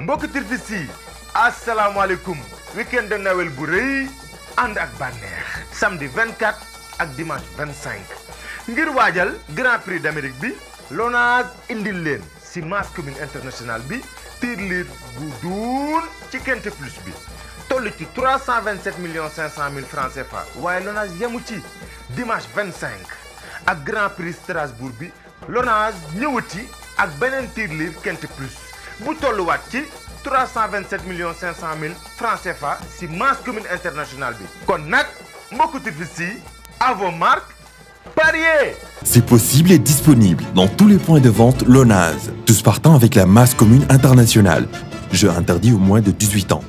mbokk turfis yi asalaamaaleykum week-end de Noël bu rëy ànd ak bànneex samedi 24 ak dimanche 25 ngir waajal grand prix d'Amérique bi LONASE indil leen si mass commune international bi tirelire bu duun ci kente plus bi tollu ci million millions 500 mille francs CFA waaye LONASE yemu ci dimanche 25 ak grand prix Strasbourg bi LONASE ñëwati ak beneen tirelire kente plus mu tolluwaat ci 327 millions 500 mille francs CFA si masse commune internationale bi. kon nag mbokku turfistes yi à vos marques pariez. C'est possible et disponible dans tous les points de vente Lonase. Tous de 18 ans.